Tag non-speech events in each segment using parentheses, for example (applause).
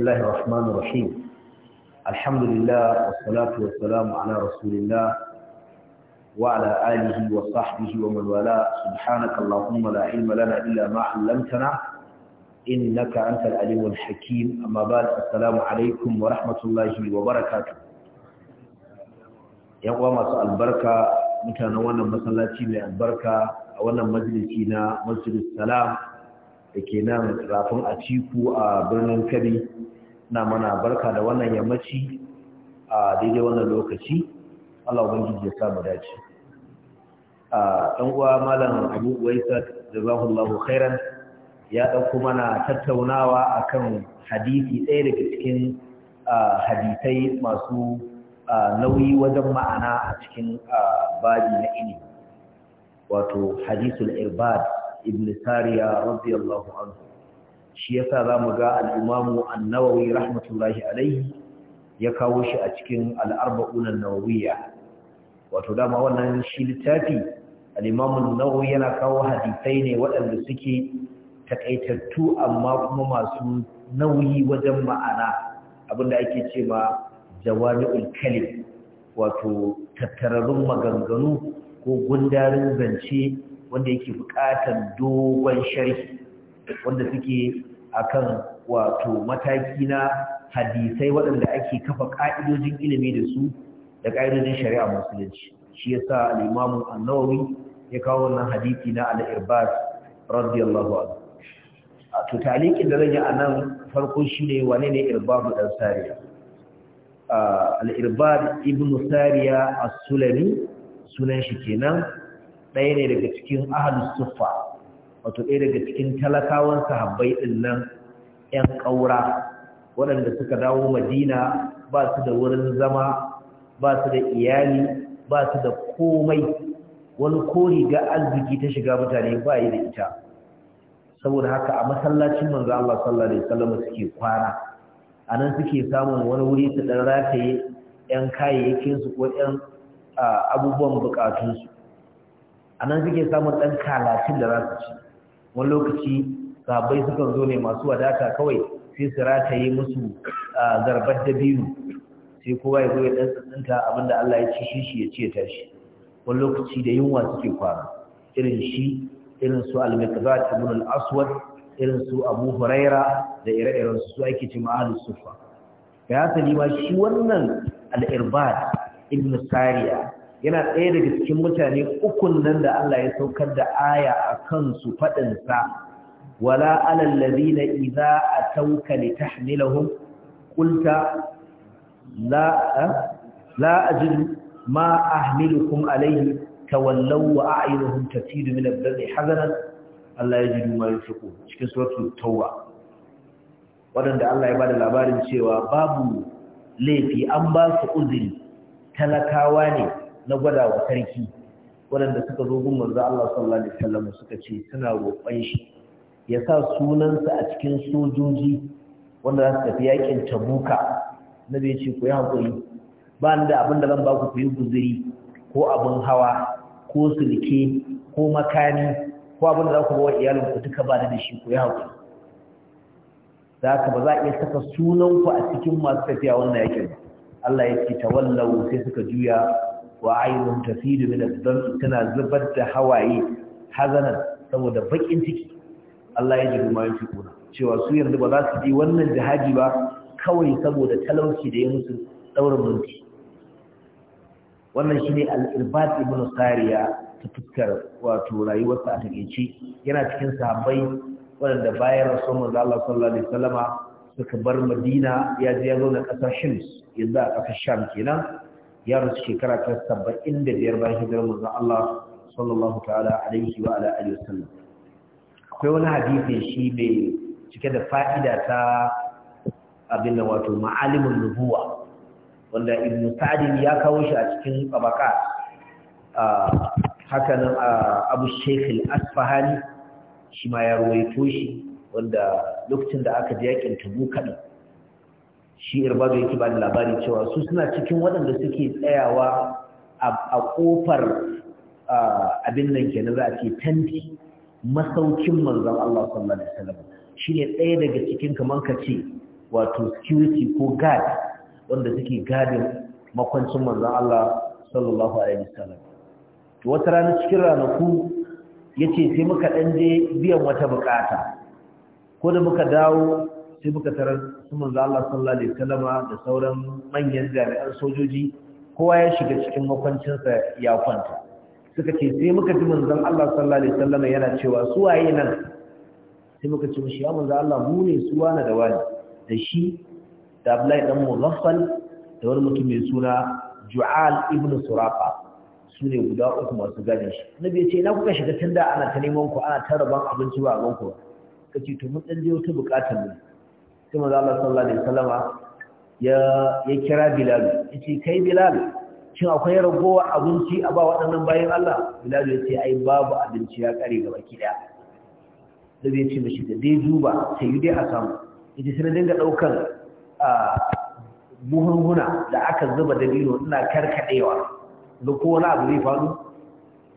بسم الله الرحمن الرحيم الحمد لله والصلاة والسلام على رسول الله وعلى آله وصحبه ومن والاه سبحانك اللهم لا علم لنا إلا ما علمتنا إنك أنت العليم الحكيم أما بعد السلام عليكم ورحمة الله وبركاته ‘yan uwa masu albarka mutanen wannan masallaci mai albarka a wannan majalisi na masjidus salam da ke nan rafin a ciku a birnin kabi na mana barka da wannan yammaci a daidai wannan lokaci Allah ubangiji ya samu mu dace a uwa malam Abu Waisa jazakallahu khairan ya dauko mana tattaunawa akan hadisi ɗaya daga cikin hadisai masu nauyi wajen ma'ana a cikin babi na ini. wato hadisul irbad ibn sariya radiyallahu anhu shi yasa zamu ga al-Imam An-Nawawi rahmatullahi alaihi ya kawo shi a cikin al-Arba'un an-Nawawiyya wato dama wannan shi littafi al-Imam An-Nawawi yana kawo hadisai ne waɗanda suke takaitattu amma kuma masu nauyi wajen ma'ana abinda ake ce ma jawami'ul kalim wato tattararrun maganganu ko gundarin zance wanda yake buƙatar dogon sharhi wanda suke akan wato mataki na hadisai waɗanda ake kafa ƙa'idojin ilimi da su da ƙa'idojin shari'a musulunci shi yasa al-imamu an ya kawo wannan hadisi na al-irbas radiyallahu anhu to talikin da zan yi a nan farko shine wane ne irbadu dan sariya al-irbad ibnu sariya as-sulami sunan shi kenan ɗaya ne daga cikin ahlus sufa. wato ɗaya daga cikin talakawan sahabbai ɗin nan ‘yan ƙaura waɗanda suka dawo madina ba su da wurin zama ba su da iyali ba su da komai wani ko riga arziki ta shiga mutane ba yi da ita saboda haka a masallacin manzo Allah sallallahu alaihi wasallam suke kwana anan suke samun wani wuri su dan rataye ‘yan kayayyakin su ko ‘yan abubuwan bukatun a nan suke samun ɗan kalatin da za su ci wani lokaci sabai sukan zo ne masu wadata kawai sai su rataye musu zarbar dabino sai kowa ya zo ya tsantsanta abinda Allah ya ci shi shi ya ce tashi wani lokaci da yunwa suke kwana irin shi irin su al-mikzat ibn al-aswad irin su abu huraira da ire-iren su su ake ce ma'alus sufa ya sani ma shi wannan al-irbad ibn sariya yana ɗaya daga cikin mutane ukun nan da Allah ya saukar da aya a kansu faɗinsa wala alal ladina idza atawka litahmilahum qulta la eh, la ajidu ma alaihi, alayhi tawallaw wa a'yunuhum tafidu min ad-dam'i hazanan Allah yajidu ma yunfiqu cikin suratul tauba wadanda Allah ya bada labarin cewa babu laifi an ba su uzuri talakawa ne na gwada wa sarki waɗanda suka zo gun manzo Allah sallallahu alaihi wasallam suka ce suna roƙon shi ya sa sunansa a cikin sojoji wanda za su tafi yakin tabuka na bai ce ku yi hakuri, ba ni da abin zan ba ku ku yi guziri ko abin hawa ko sulke ko makani ko abin da za ku bawa iyalin ku duka ba da shi ku yi hakuri. za ka ba za a iya saka sunanku a cikin masu tafiya wannan yakin Allah ya ce tawallau sai suka juya wa ainihin tafidu min tana zubar da hawaye hazanan saboda bakin ciki Allah ya jiru ma yake kuna cewa su yanzu ba za su je wannan jihadi ba kawai saboda talauci da ya musu daurin mulki wannan shine al-irbat ibn sariya ta fuskar wato rayuwarsa a takeice yana cikin sahabbai waɗanda bayan rasul manzo Allah sallallahu alaihi wasallama suka bar Madina ya je ya zo na ƙasar shan. yanzu a ƙasar Sham kenan ya rasu shekara ta saba'in da biyar bayan hijirar manzo Allah sallallahu ta'ala alaihi wa ala alihi wasallam akwai wani hadisi shi mai cike da fa'ida ta abin da wato ma'alimin nubuwa wanda ibn sa'd ya kawo shi a cikin tabaka haka nan abu sheikh al-asfahani shi ma ya ruwaito shi wanda lokacin da aka je yakin tabu kadan shi irbado yake ba da labari cewa su suna cikin waɗanda suke tsayawa a ƙofar abin nan ke na za a ce tanti masaukin manzan Allah sallallahu Alaihi wasallam shi ne ɗaya daga cikin kamar ka ce wato security ko guard wanda suke gadin makwancin manzan Allah sallallahu Alaihi wasallam wata rana cikin ranaku ya ce sai muka ɗanje biyan wata bukata ko da muka dawo sai muka tarar su manzo Allah sallallahu alaihi wasallam da sauran manyan jami'an sojoji kowa ya shiga cikin makwancinsa ya kwanta suka ce sai muka ji manzo Allah sallallahu alaihi wasallam yana cewa su waye nan sai muka ce shi ya manzo Allah mu ne su wani da wani da shi da Abdullahi dan Muzaffal da wani mutum mai suna Ju'al ibn Suraqa su ne guda uku masu gane shi nabi ya ce ina kuka shiga tunda ana ta neman ku ana ta abinci ba a ku? ba kace to mun dan je wata bukatar mu sai manzo Allah sallallahu alaihi wasallama ya ya kira Bilal yace kai Bilal shin akwai ragowa abinci a ba waɗannan bayan Allah Bilal yace ai babu abinci ya kare gaba baki daya da zai ce da dai duba sai yi dai a samu yace sai na dinga ɗaukar buhunguna da aka zuba da biro ina karkadewa ga ko wani abu zai faru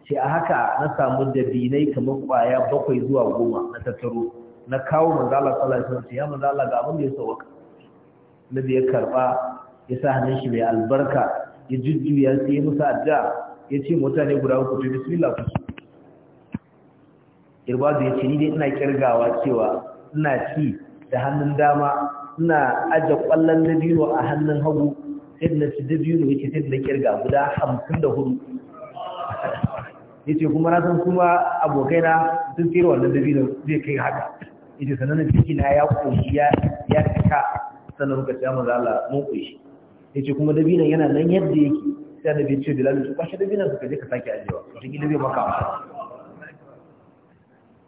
sai a haka na samu dabinai kamar kwaya bakwai zuwa goma na tattaro na kawo manzala Allah sallallahu alaihi wasallam ya manzo ga abin da ya sauka nabi ya karba ya sa hannun shi mai albarka ya jujjuya sai musa adda ya ce mutane guda uku to bismillah ku irbadu ya ce ni dai ina kirgawa cewa ina ci da hannun dama ina aje kwallon dabino a hannun hagu sai na da dabino yake sai na kirga guda hamsin da hudu (laughs) ya ce kuma na san kuma abokaina sun tsira wannan dabino zai kai haka yace sanan ciki na ya koshi ya ya taka sanan muka ce manzo Allah mun koshi yace kuma dabinan yana nan yadda yake sai da bai ce Bilal su kwashi dabinan suka je ka sake ajewa to gidan bai maka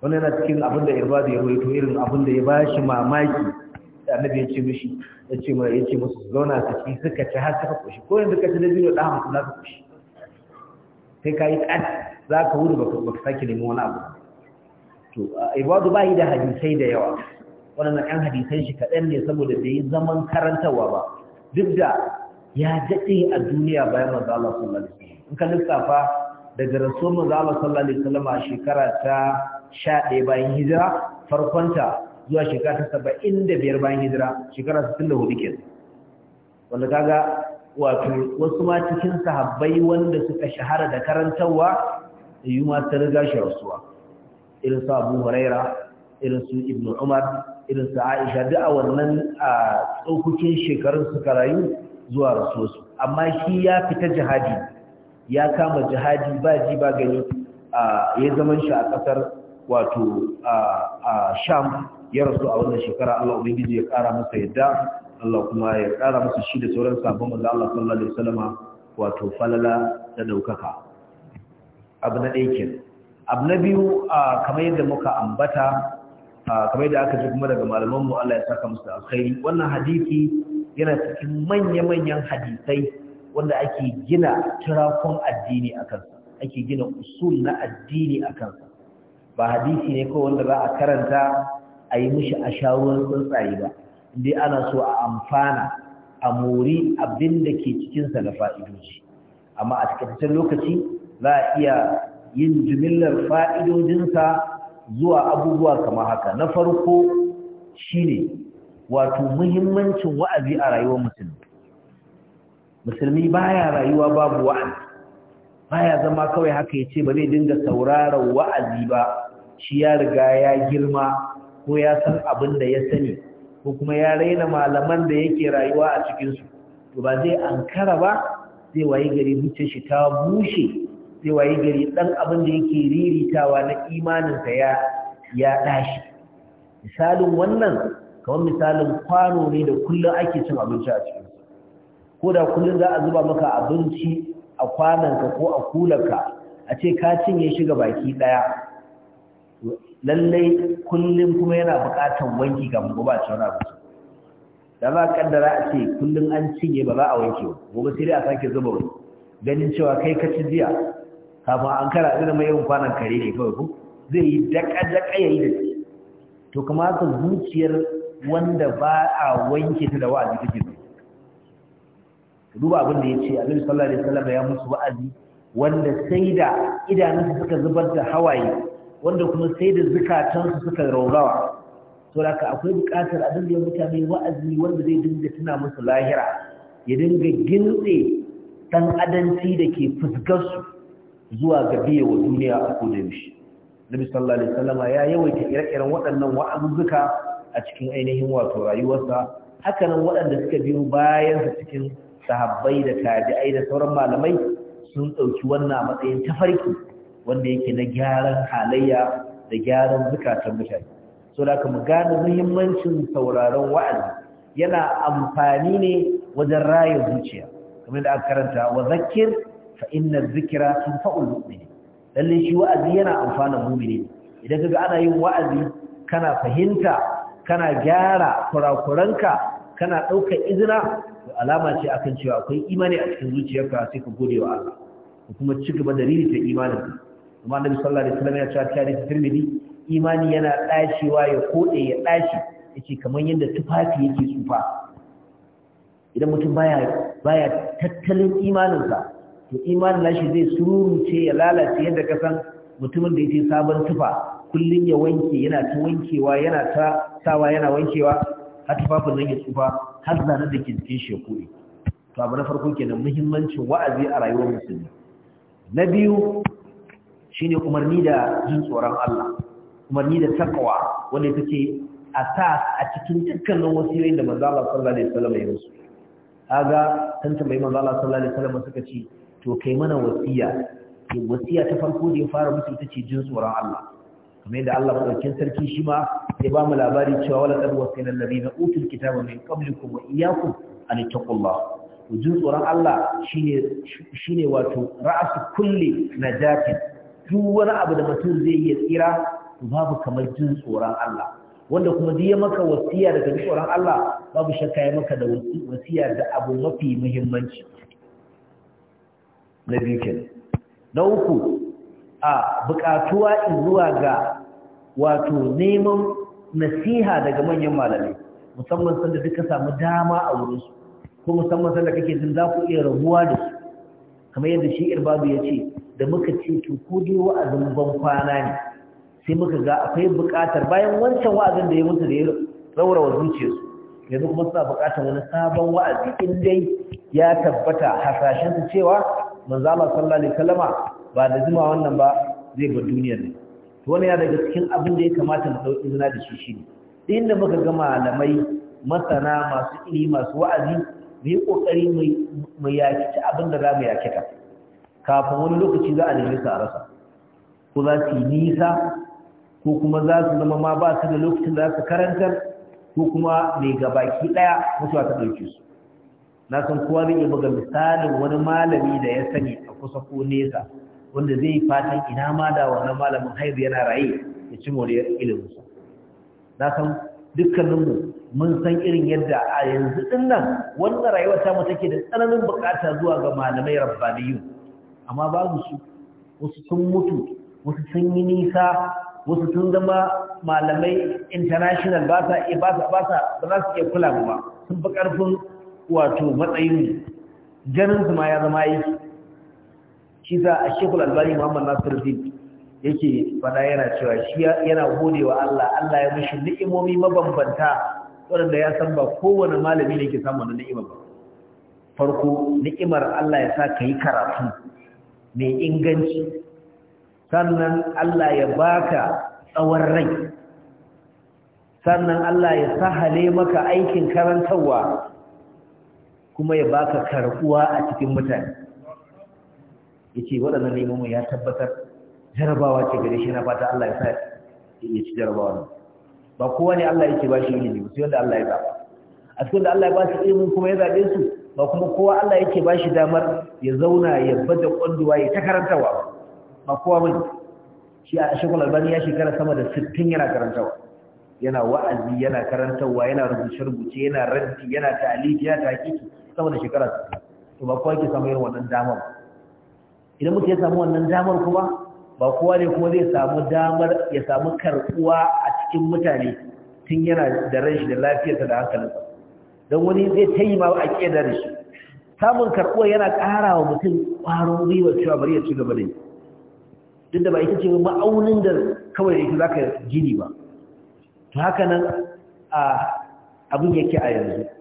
wannan yana cikin abin da irba da ya to irin abin da ya bashi mamaki da nabi ya ce mishi ya ce mai ya ce musu zauna ta ci suka ci har suka koshi ko yanzu ka ci dabino da hamsin za ka koshi sai ka yi tsad za ka wuri baka sake neman wani abu to ibadu ba yi da hadisai da yawa Wannan 'yan hadisai shi kadan ne saboda bai yi zaman karantarwa ba duk da ya dade a duniya bayan manzo Allah sallallahu alaihi wasallam in ka lissafa daga rasul manzo Allah sallallahu alaihi wasallam a shekara ta 11 bayan hijira farkon ta zuwa shekara ta 75 bayan hijira shekara 64 kenan wanda kaga wato wasu ma cikin sahabbai wanda suka shahara da karantarwa yuma ma ta riga shi rasuwa irin su abu huraira irin su Ibn umar irin su aisha duk a wannan a tsokokin shekarun su rayu zuwa rasuwarsu amma shi ya fita jihadi ya kama jihadi ba ji ba gani ya zaman shi a kasar wato a sham ya rasu a wannan shekara Allah ubangiji ya kara masa yadda Allah kuma ya kara masa shi da sauran sabon manzo Allah sallallahu alaihi wasallama wato falala da daukaka abu na ɗaya kenan abu na biyu kamar yadda muka ambata kamar yadda aka ji kuma daga malamanmu Allah ya saka musu alkhairi wannan hadisi yana cikin manya-manyan hadisai wanda ake gina turakon addini a kansa ake gina usul na addini a kansa ba hadisi ne kawai wanda za a karanta a yi mishi a shawarar tsuntsaye ba inda ana so a amfana a mori abin da ke cikinsa na fa'idoji amma a cikin lokaci za a iya yin jimillar fa'idodinsa zuwa abubuwa kama haka na farko shine wato muhimmancin wa'azi a rayuwar musulmi musulmi baya rayuwa babu wa'azi baya zama kawai haka ya ce ba zai dinga sauraron wa'azi ba shi ya riga ya girma ko ya san abin da ya sani ko kuma ya raina malaman da yake rayuwa a cikinsu to ba zai ankara ba zai waye gari zuciyar shi ta bushe sai waye gari dan abin da yake riritawa na imaninsa ya ya dashi misalin wannan kamar misalin kwano ne da kullun ake cin abinci a cikin ko da kullun za a zuba maka abinci a kwananka ko a kulanka a ce ka cinye shi ga baki daya lallai kullun kuma yana buƙatar wanki kafin gobe a cikin abinci da za kaddara a ce kullun an cinye ba za a wanke ba, gobe sai dai a sake zuba wani ganin cewa kai ka ci jiya kafin an kara zai mai yawan kwanan kare ne kawai ko zai yi daka-daka ya yi da ke to kama ka zuciyar wanda ba a wanke ta da wa'azi take Ka duba abin da ya ce abin sallar da wasallam ya musu wa'azi wanda sai da idanunsu suka zubar da hawaye wanda kuma sai da zukatansu suka raurawa to da ka akwai buƙatar a dinga mutane wa'azi wanda zai dinga tuna musu lahira ya dinga gintse ɗan adanci da ke fuskarsu zuwa ga biye wa duniya a da yaushe nabi sallallahu alaihi ya yawaita ire-iren waɗannan wa'azuzzuka a cikin ainihin wato rayuwarsa hakanan waɗanda suka biyo bayan su cikin sahabbai da tabi'ai da sauran malamai sun ɗauki wannan matsayin tafarki wanda yake na gyaran halayya da gyaran zukatan mutane so da mu gane muhimmancin sauraron wa'azi yana amfani ne wajen raya zuciya kamar da aka karanta wa zakir fa inna zikra fa’ul mu'minin lalle shi wa'azi yana amfanan mu'mini idan kaga ana yin wa'azi kana fahimta kana gyara kurakuranka kana ɗaukar izina to alama ce akan cewa akwai imani a cikin zuciyarka sai ka gode wa Allah kuma ci gaba da ta imaninka kuma annabi sallallahu alaihi wasallam ya ce a cikin Tirmidhi imani yana dashewa ya kode ya dashi yace kamar yadda tufafi yake tsufa idan mutum baya baya tattalin imaninsa to imanin nashi zai sururuce ya lalace yadda ka san mutumin da yake sabon tufa kullum ya wanke yana ta wankewa yana ta sawa yana wankewa har tufafin nan ya tsufa har zanen da ke cikin shekuri to abu na farko kenan muhimmancin wa'azi a rayuwar musulmi na biyu shine umarni da jin tsoron Allah umarni da takwa wanda a asas a cikin dukkanin wasiyoyin da manzo Allah sallallahu alaihi wasallam ya rusu kaga tantan bai manzo Allah sallallahu alaihi wasallam suka ce to kai mana wasiya wasiya ta farko da ya fara musu ita ce jin tsoron Allah kamar yadda Allah madaukakin sarki shi ma ya ba mu labari cewa wala qad wasina allazina utul kitaba min qablikum wa iyyakum an taqullah to jin tsoron Allah shine shine wato kulle kulli najatin duk wani abu da mutum zai iya tsira to babu kamar jin tsoron Allah wanda kuma duk ya maka wasiya daga tsoron Allah babu shakka ya maka da wasiya da abu mafi muhimmanci na biyu ke na uku a buƙatuwa zuwa ga wato neman nasiha daga manyan malamai musamman sanda duka samu dama a wurinsu ko musamman sanda kake jin za ku iya rabuwa da su kamar yadda shi irbabu ya ce da muka ce to ko dai wa'azin ban kwana ne sai muka ga akwai buƙatar bayan wancan wa'azin da ya mutu da ya raurawa zuciyarsu yanzu kuma suna buƙatar wani sabon wa'azi in dai ya tabbata hasashen su cewa manzo Allah sallallahu alaihi wasallama ba da zuma wannan ba zai ba duniyar ne to wannan ya daga cikin abin da ya kamata mu dauki zuna da shi shine din da muka ga malamai masana masu ilimi masu wa'azi mu yi kokari mu yaki abin da za mu yaki ta kafin wani lokaci za a nemi su a rasa ko za su yi nisa ko kuma za su zama ma ba su da lokacin da za su karanta, ko kuma mai gabaki daya mutuwa ta ɗauke su na san kowa zai iya buga misalin wani malami da ya sani a kusa ko nesa wanda zai fatan ina ma da wannan malamin haihu yana raye ya ci moriyar sa na san dukkaninmu mun san irin yadda a yanzu din nan wannan rayuwar ta mutu ke da tsananin bukata zuwa ga malamai rabbaniyu amma babu su wasu sun mutu wasu sun yi nisa wasu sun zama malamai international ba sa ba sa ba sa ba za su iya kula ba sun fi ƙarfin wato matsayin ganin su ma ya zama yi shi za a shekul albani muhammad nasiruddin yake fada yana cewa shi yana gode wa Allah Allah ya mishi ni'imomi mabambanta waɗanda ya san ba kowane malami ne ke samu wannan ni'ima ba farko ni'imar Allah ya sa ka yi karatu mai inganci sannan Allah ya baka tsawon rai sannan Allah ya sahale maka aikin karantarwa kuma ya baka karbuwa a cikin mutane yace waɗannan neman mu ya tabbatar jarabawa ce gare shi na fata Allah ya sa ya ci jarabawa ne ba kowa ne Allah yake ba shi ilimi sai wanda Allah ya zaba a cikin da Allah ya ba shi ilimi kuma ya zabe su ba kuma kowa Allah yake ba shi damar ya zauna ya bada kwanduwa ya takarantawa ba kowa bane shi a shekul albani ya shekara sama da 60 yana karantawa yana wa'azi yana karantawa yana rubuce-rubuce yana raddi yana ta'aliji yana ta'kiki sama da shekara to ba kowa ke samu irin wannan damar idan mutum ya samu wannan damar kuma ba kowa ne kuma zai samu damar ya samu karbuwa a cikin mutane tun yana da ran shi da lafiyarsa da hankalinsa don wani zai ta yi a ƙeda da shi samun karbuwa yana ƙara wa mutum ƙwarin gwiwa cewa bari ya ci gaba da yi duk da ba ita ce ma'aunin da kawai yake za ka gini ba to haka nan a abin yake a yanzu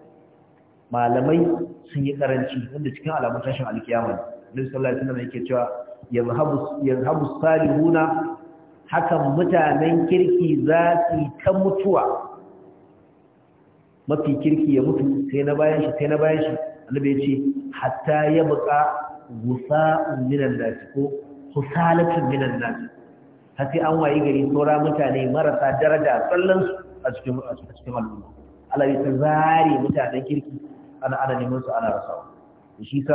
malamai sun yi karanci wanda cikin alamun tashin alkiyama ne sallallahu alaihi wasallam yake cewa yazhabu yazhabu salihuna hakan mutanen kirki za su ta mutuwa mafi kirki ya mutu sai na bayan shi sai na bayan shi annabi ya ce hatta ya buƙa gusa'un minan nasi ko husalatun minan nasi har sai an wayi gari saura mutane marasa daraja tsallan su a cikin al'umma Allah ya zare mutanen kirki ana ana neman ana rasawa shi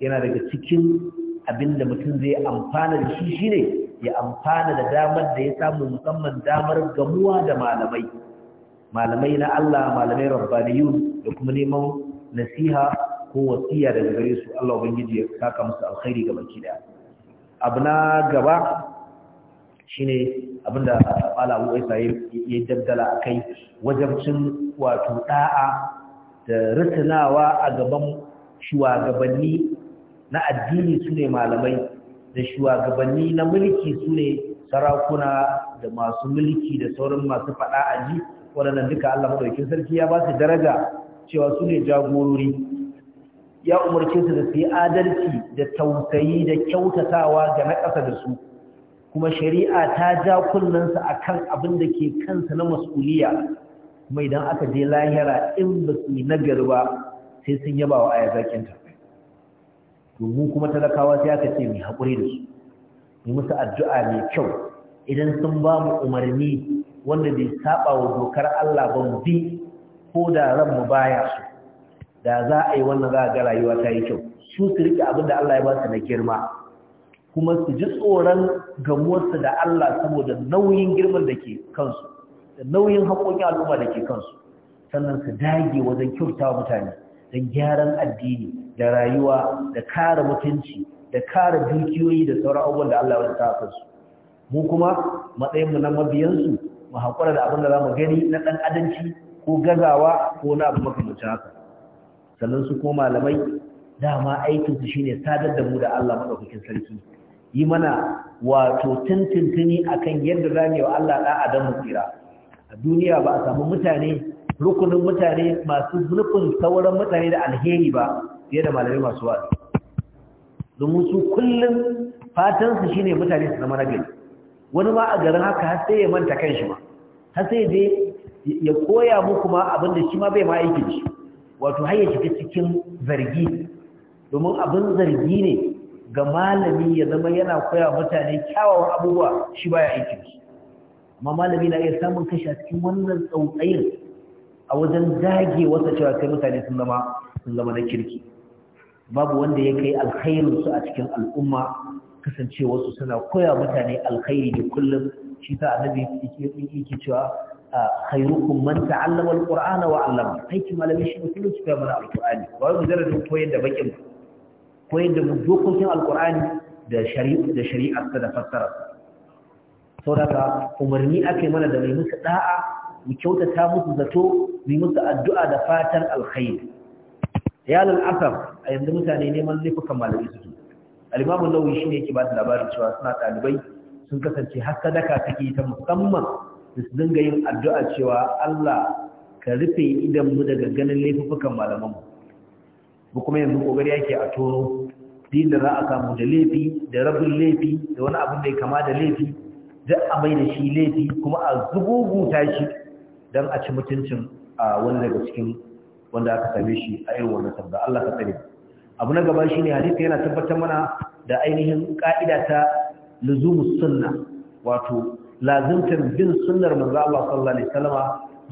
yana daga cikin abinda mutum zai amfana da shi shine ya amfana da damar da ya samu musamman damar gamuwa da malamai malamai na Allah malamai rabbaniyun da kuma neman nasiha ko wasiya daga gare su Allah ubangiji ya saka musu alkhairi ga baki da abu na gaba shine abinda Allah Abu Isa ya kai wajen cin wato da'a da rutunawa a gaban shugabanni na addini su ne malamai da shugabanni na mulki su ne sarakuna da masu mulki da sauran masu fada a ji waɗannan duka Allah maɗaukin sarki ya ba su daraja cewa su ne jagorori ya umarce su da su yi adalci da tausayi da kyautatawa ga na ƙasa da su kuma shari'a ta ja kunnensu a kan abin da ke kansa na mas'uliya kuma idan aka je lahira in ba su yi nagari ba sai sun yaba wa aya domin kuma talakawa sai aka ce mai hakuri da su yi musu addu'a mai kyau idan sun ba mu umarni wanda bai saba wa dokar Allah ba mu bi ko da ran mu baya su da za a yi wannan za a ga rayuwa ta yi kyau su su rike abin da Allah ya ba su na girma kuma su ji tsoron gamuwarsu da Allah saboda nauyin girman da ke kansu nauyin haƙoƙin al'umma da ke kansu sannan su dage wajen kyauta wa mutane don gyaran addini da rayuwa da kare mutunci da kare dukiyoyi da sauran abubuwan da Allah ya sa kansu mu kuma matsayin mu na mabiyansu mu haƙura da abin da za mu gani na ɗan adanci ko gazawa ko na abu makamancin haka sannan su ko malamai dama aikinsu shine sadar da mu da Allah maɗaukakin sarki yi mana wato tuntuntuni akan yadda za mu yi wa Allah ɗan mu tsira a duniya ba a samu mutane rukunin mutane masu nufin sauran mutane da alheri ba fiye da malamai masu wa domin su kullum fatansu shine mutane su zama nagari wani ma a garin haka har sai ya manta kan shi ma har sai dai ya koya muku ma abin da shi ma bai ma aiki da shi wato har ya shiga cikin zargi domin abin zargi ne ga malami ya zama yana koya mutane kyawawan abubuwa shi baya aiki da shi amma malami na iya samun kashi a cikin wannan tsautsayin a wajen dage wata cewa sai mutane sun zama sun zama na kirki babu wanda ya kai alkhairin su a cikin al'umma kasancewar su suna koya mutane alkhairi da kullum shi ta annabi yake cewa khairukum man ta'allama alqur'ana wa 'allama aiki malami shi ne kullum koya mana alqur'ani ba wai mujarradin koyar da bakin koyar da dokokin alqur'ani da shari'a da shari'a da fassara saboda umarni ake mana da mai musu da'a mu kyautata musu zato mu musu addu'a da fatan alkhairi ya lal asaf a yanzu mutane neman laifukan malami suke al-imam an-nawawi shine yake ba da labarin cewa suna ɗalibai, sun kasance har sadaka take ta musamman da su dinga yin addu'a cewa Allah ka rufe idan mu daga ganin laifukan malaman mu ba kuma yanzu kokari yake a tono din da za a samu da laifi da rabin laifi da wani abin da ya kama da laifi Za a mai da shi laifi kuma a zuguguta shi don a ci mutuncin a wani daga cikin wanda aka same shi a irin wannan sabda Allah ka tsare abu na gaba shine hadisi yana tabbatar mana da ainihin ka'ida ta luzumus sunna wato lazimtar bin sunnar manzo Allah sallallahu alaihi wasallama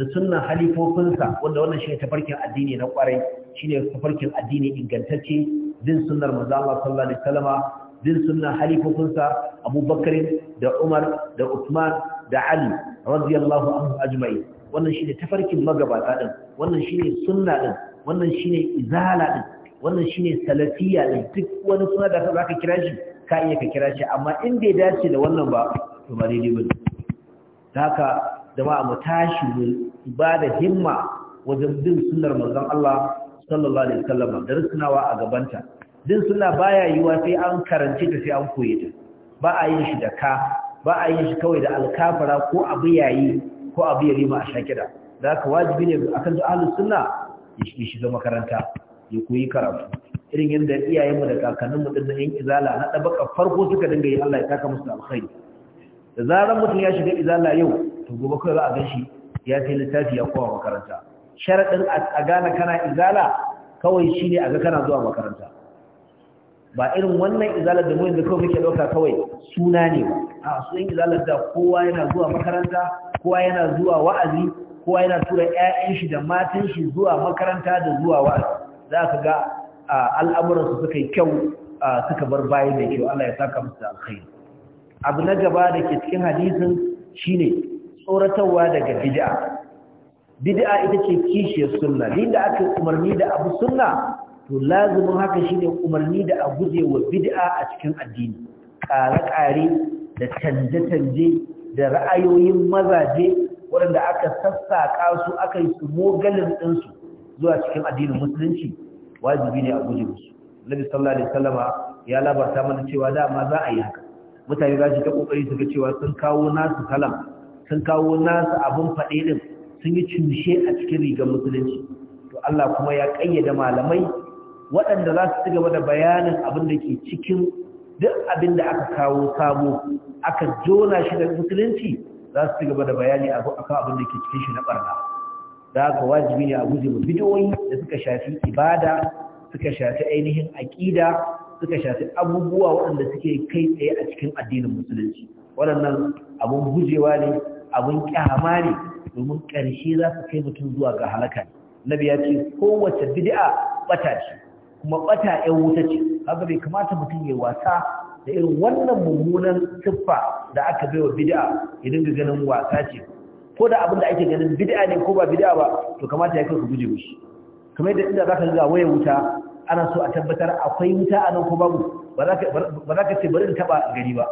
da sunnan halifofinsa wanda wannan shine tafarkin addini na kwarai shine tafarkin addini ingantacce bin sunnar manzo Allah sallallahu alaihi wasallama bin sunna halifofinsa abubakar da umar da usman da ali radiyallahu anhu ajma'i wannan shine tafarkin magabata din wannan shine sunna din wannan shine izala din wannan shine salafiya din duk wani suna da zaka kira shi ka iya ka kira shi amma in bai dace da wannan ba to ba daidai bane haka ba mu tashi mu ibada himma wajen bin sunnar manzon Allah sallallahu alaihi wasallam da rusunawa a gabanta din suna baya yiwa sai an karanci ta sai an koye ta ba a yin shi da ka ba a yin shi kawai da alkafara ko abu yayi ko abu yayi ma a shakira da haka wajibi ne akan kan ahlus sunna ya shiga makaranta ya koyi karatu irin yadda iyayenmu da kakannin mu din nan yan izala na dabaka farko suka dinga yi Allah ya taka musu alkhairi da zaran mutum ya shiga izala yau to gobe kawai za a gan shi ya sai littafi ya kowa makaranta sharaɗin a gane kana izala kawai shine a ga kana zuwa makaranta ba irin wannan izalar da mu yanzu kawai muke ɗauka kawai suna ne ba a su yin izalar da kowa yana zuwa makaranta kowa yana zuwa wa'azi kowa yana tura 'ya'yan shi da matan shi zuwa makaranta da zuwa wa'azi za ka ga al'amuransu suka yi kyau suka bar bayi da kyau Allah ya saka musu alkhairi abu na gaba da ke cikin hadisin shine tsoratarwa daga bid'a bid'a ita ce kishiyar sunna inda da aka umarni da abu sunna to lazumin haka shine umarni da a guje wa bid'a a cikin addini kare-kare da canje-canje da ra'ayoyin mazaje waɗanda aka sassaƙa su aka yi su mogalin ɗinsu zuwa cikin addinin musulunci wajibi ne a guje musu nabi sallallahu alaihi wasallama ya labarta mana cewa da ma za a yi haka mutane za su ta kokari su ga cewa sun kawo nasu kalam sun kawo nasu abin faɗe din sun yi cushe a cikin rigar musulunci to Allah kuma ya kayyade malamai waɗanda za su cigaba da bayanin abin da ke cikin duk abin da aka kawo sabo aka jona shi da musulunci za su cigaba da bayani a kan abin da ke cikin shi na ɓarna za ka wajibi ne a guje mu bidiyoyi da suka shafi ibada suka shafi ainihin aƙida suka shafi abubuwa waɗanda suke kai tsaye a cikin addinin musulunci waɗannan abin gujewa ne abin ƙyama ne domin ƙarshe za su kai mutum zuwa ga halaka nabi ya ce kowace bidi'a ɓata ce kuma bata ɗan wuta ce haka bai kamata mutum ya wasa da irin wannan mummunan siffa da aka baiwa bid'a ya dinga ganin wasa ce ko da abin da ake ganin bid'a ne ko ba bid'a ba to kamata ya kai ku guje mishi kamar yadda inda zaka ga wayar wuta ana so a tabbatar akwai wuta a nan ko babu ba za ka ce bari in taba gari ba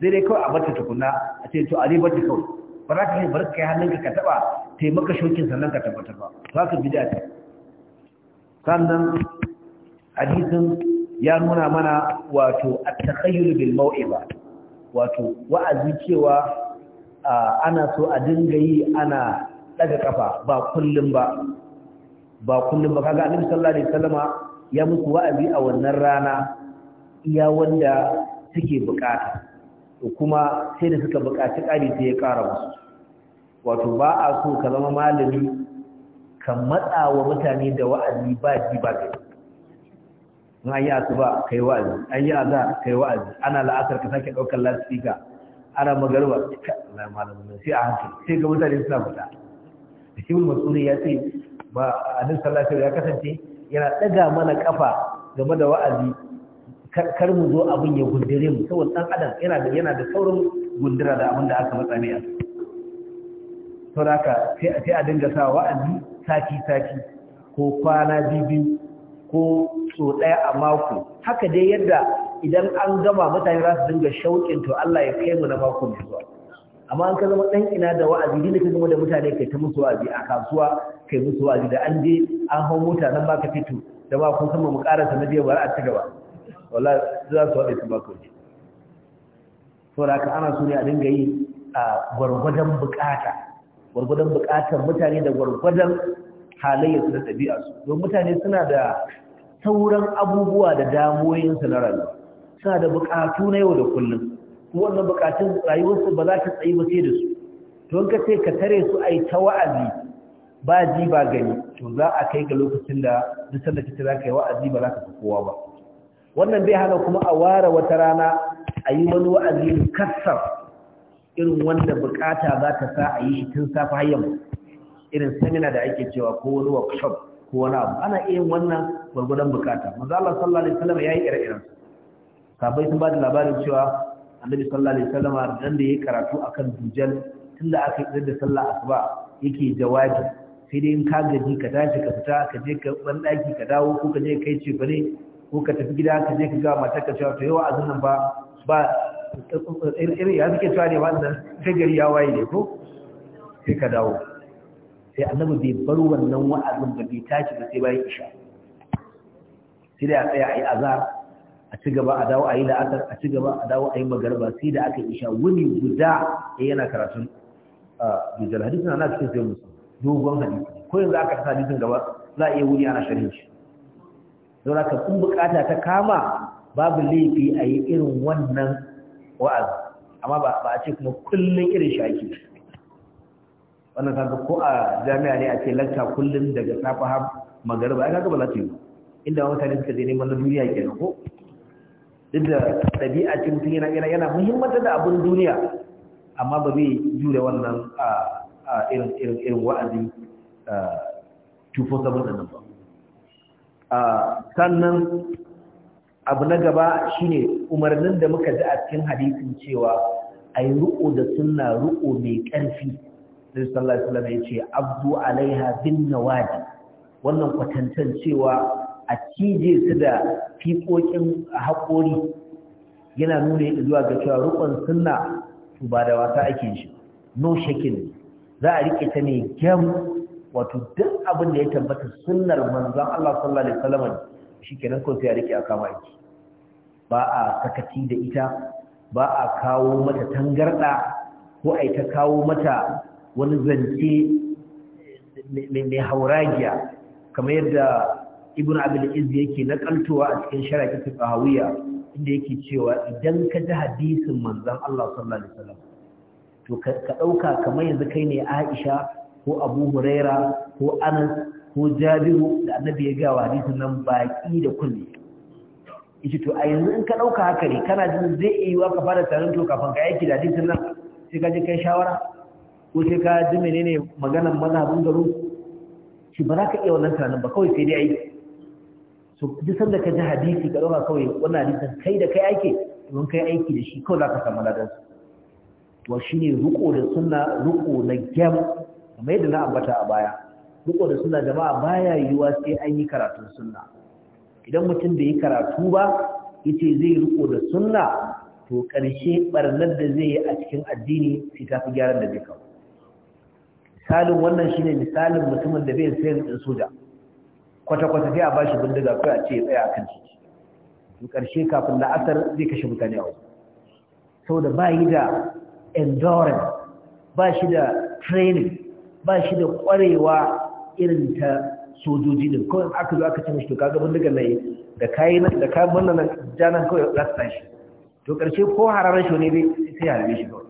sai dai kawai a ta tukunna a ce to a zai barta kawai ba za ka ce bari kai hannunka ka taba taimaka shokin sannan ka tabbatar ba za ka bida ta sannan hadisin ya nuna mana wato at-takhayyul bil ba wato wa'azi cewa ana so a dinga yi ana daga kafa ba kullum ba ba kullum ba kaga annabi sallallahu alaihi wasallama ya musu wa'azi a wannan rana iya wanda suke bukata to kuma sai da suka bukaci kari sai ya kara musu wato ba a so ka zama malami kan matsa wa mutane da wa'azi ba ji ba gari in an yi asuba kai wa'azi an yi aza kai wa'azi ana la'asar ka sake daukar lasifika ana magarba Allah malamin nan sai a hankali sai ga mutane suna fita mun Mas'ud ya ce ba a sallallahu alaihi ya kasance yana daga mana kafa game da wa'azi kar mu zo abin ya gundure mu saboda dan adam yana da yana da saurin gundura da abin da aka matsa ne a saboda sai a dinga sa wa'azi sati sati ko kwana biyu ko so ɗaya a mako haka dai yadda idan an gama mutane za su dinga shauƙin to Allah ya kai mu na mako mai zuwa amma an ka zama ɗan ina da wa'azi dinda ka zama da mutane kai ta musu wa'azi a kasuwa kai musu wa'azi da an je an hau mota nan ba ka fito da ba kun sama mu ƙara sanadiyar bara a ci gaba Wala za su waɗe su mako ne wuce saboda haka ana so ne a dinga yi a gwargwadon bukata gwargwadon bukatar mutane da gwargwadon halayyarsu da su don mutane suna da sauran abubuwa da damoyinsa na rayuwa suna da bukatu na yau da kullum kuma wannan buƙatun rayuwarsu ba za ta tsayi ba sai da su to ka ce ka tare su a ta wa'azi ba ji ba gani to za a kai ga lokacin da duk sanda ta za ka yi wa'azi ba za ka fi kowa ba wannan bai hana kuma a ware wata rana a yi wani wa'azi kassar irin wanda bukata za ta sa a yi shi tun safe har yamma irin samina da ake cewa ko wani workshop ko wani abu ana iya yin wannan gwargwadon bukata manzo Allah sallallahu alaihi wasallam yayi ire-iren sabai sun ba da labarin cewa annabi sallallahu alaihi wasallam dan da yi karatu akan dujal tunda aka yi da sallah asuba yake jawabi sai dai in ka gaji ka tashi ka fita ka je ka ban daki ka dawo ko ka je kai ce bare ko ka tafi gida ka je ka ga mata ka cewa to yawa a nan ba ba irin ya suke cewa ne ba ta gari ya waye ne ko sai ka dawo sai annabi bai bar wannan wa'azin ba bai tashi ba sai bayan isha sai da ya tsaya a yi azar a ci gaba a dawo a yi la'asar a ci gaba a dawo a yi magarba sai da aka isha wuni guda ya eh, yana karatun dujjal hadisin ana cikin sai musu dogon hadisi ko yanzu aka kasa hadisin gaba za a iya wuni ana sharhin shi don haka kun bukata ta kama babu laifi a yi irin wannan wa'azi amma ba a ce kuma kullum irin shi ake wannan kaga ko a jami'a ne a ce lacca kullum daga safa har magariba ai kaga ba za ta yi inda mutane suka je neman na duniya ke ko duk da ɗabi'a ce mutum yana yana yana muhimmanta da abin duniya amma ba zai jure wannan a irin irin irin wa'azi tufo saboda nan ba sannan abu na gaba shine umarnin da muka ji a cikin hadisin cewa ayi ru'u da sunna ruko mai ƙarfi Nabi sallallahu alaihi wasallam yace abdu alaiha bin nawadi wannan kwatantan cewa a cije su da fiƙoƙin haƙori yana nuna zuwa ga cewa rukun sunna to ba da wasa ake shi no shakin za a rike ta ne gyam. wato duk abin da ya tabbata sunnar manzon Allah sallallahu alaihi wasallam kenan ko sai a rike a kama aiki ba a sakati da ita ba a kawo mata tangarda ko ai ta kawo mata wani zance mai hauragiya kamar yadda ibn abin iz yake nakaltowa a cikin sharaki fiqhawiyya inda yake cewa idan ka ji hadisin manzan Allah sallallahu alaihi wasallam to ka dauka kamar yanzu kai ne Aisha ko Abu Huraira ko Anas ko Jabiru da Annabi ya ga hadisin nan baki da kulli yace to a yanzu in ka dauka haka ne kana jin zai iya ka fara tarin to kafin ka yake da hadisin nan sai ka je kai shawara ko sai ka ji menene maganan mazhabin garo shi ba za ka iya wannan tunanin ba kawai sai dai ai so duk sanda ka ji hadisi ka dauka kawai wannan hadisin kai da kai ake don kai aiki da shi kawai za ka samu ladan to ne ruko da sunna ruko na gem kamar yadda na ambata a baya ruko da sunna jama'a baya yiwuwa sai an yi karatun sunna idan mutum bai yi karatu ba yace zai riko da sunna to ƙarshe ɓarnar da zai yi a cikin addini sai ta fi gyaran da zai kawo misalin wannan shi ne misalin mutumin da bai sayin din soja kwata-kwata sai a shi bindiga kai a ce tsaya a kan shi in ƙarshe kafin la'asar zai kashe mutane a sau da ba yi da endurance ba shi da training ba shi da ƙwarewa irin ta sojoji din kawai aka zo aka ce shi to kaga bindiga nan da kayi nan da kayan wannan nan janan kawai za su shi to ƙarshe ko hararar shi ne sai rabe shi kawai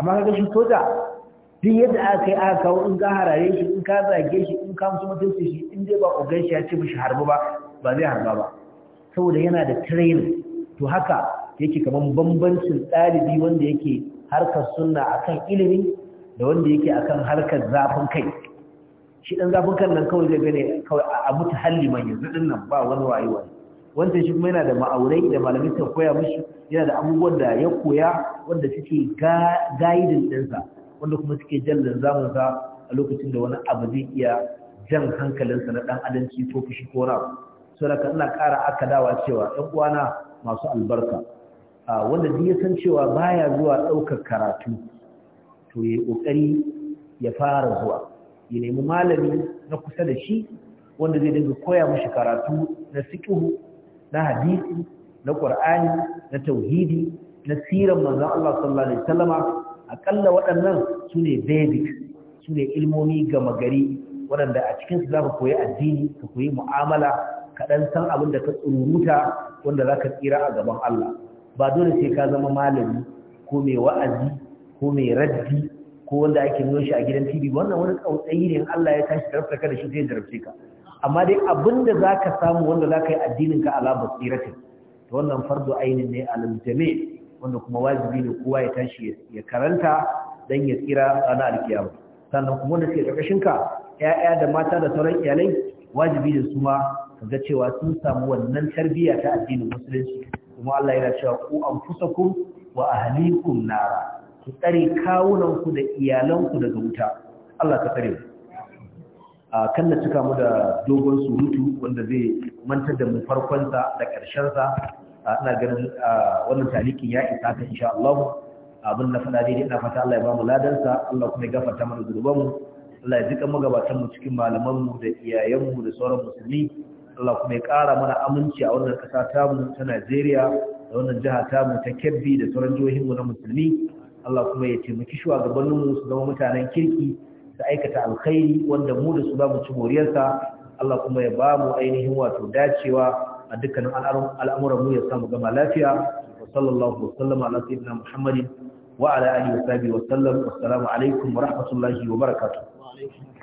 amma kaga shi soja duk yadda aka yi aka kawo in ka harare shi in ka zage shi in ka musu mutunci shi in dai ba ogan shi ya ce mishi harba ba ba zai harba ba saboda yana da training to haka yake kaman bambancin ɗalibi wanda yake harkar sunna akan ilimi da wanda yake akan harkar zafin kai shi ɗan zafin kan nan kawai zai gane kawai a mutu halli mai yanzu din nan ba wani wayo wani wancan shi kuma yana da ma'aurai da malamai ta koya mishi yana da abubuwan da ya koya wanda suke gayidin ɗinsa wanda kuma suke jan zamun sa a lokacin da wani abu zai iya jan hankalinsa na ɗan adanci ko fushi ko rab saboda ina ƙara akadawa cewa ɗan uwana masu albarka wanda duk ya san cewa baya zuwa ɗaukar karatu to ya ƙoƙari ya fara zuwa ya nemi malami na kusa da shi wanda zai dinga koya mashi karatu na fiqhu na hadisi na ƙur'ani, na tauhidi na siran manzon Allah sallallahu alaihi wasallama akalla waɗannan su ne basic su ne ilmomi gama gari waɗanda a cikinsu za ka koyi addini ka koyi mu'amala ka ɗan san abin da ka tsururuta wanda za ka tsira a gaban Allah ba dole sai ka zama malami ko mai wa'azi ko mai raddi ko wanda ake nuna shi a gidan TV wannan wani kautsayi ne Allah ya tashi tarfta ka da shi zai jarabce ka amma dai abin da za ka samu wanda za ka yi addinin ka ala basiratin to wannan fardu ainin ne a jami' wanda kuma wajibi ne kowa ya tashi ya karanta don ya tsira ranar alkiyama sannan kuma wanda suke ƙarƙashin ka ƴaƴa da mata da sauran iyalai wajibi ne su ma kaga cewa sun samu wannan tarbiyya ta addinin musulunci kuma Allah yana cewa ku anfusakum wa ahlikum nara ku tsare kawunan ku da iyalan ku daga wuta Allah ka tsare a kan da cika mu da dogon surutu wanda zai mantar da mu farkon sa da ƙarshen sa ana ganin wannan talikin ya isa ka insha Allah abin na faɗa daidai ina fata Allah ya bamu ladansa Allah kuma ya gafarta mana mu Allah ya jika magabatan mu cikin malaman mu da iyayen mu da sauran musulmi Allah kuma ya kara mana aminci a wannan kasa ta mu ta Najeriya da wannan jiha tamu ta Kebbi da sauran jihohin mu na musulmi Allah kuma ya taimaki shugabannin mu su zama mutanen kirki da aikata alkhairi wanda mu da su ba mu ci moriyarsa Allah kuma ya ba mu ainihin wato dacewa a dukkanin al'amuran mu ya samu gama lafiya wa sallallahu wa sallama ala sayyidina muhammadin wa ala alihi wa sahbihi wa sallam assalamu alaikum wa rahmatullahi wa barakatuh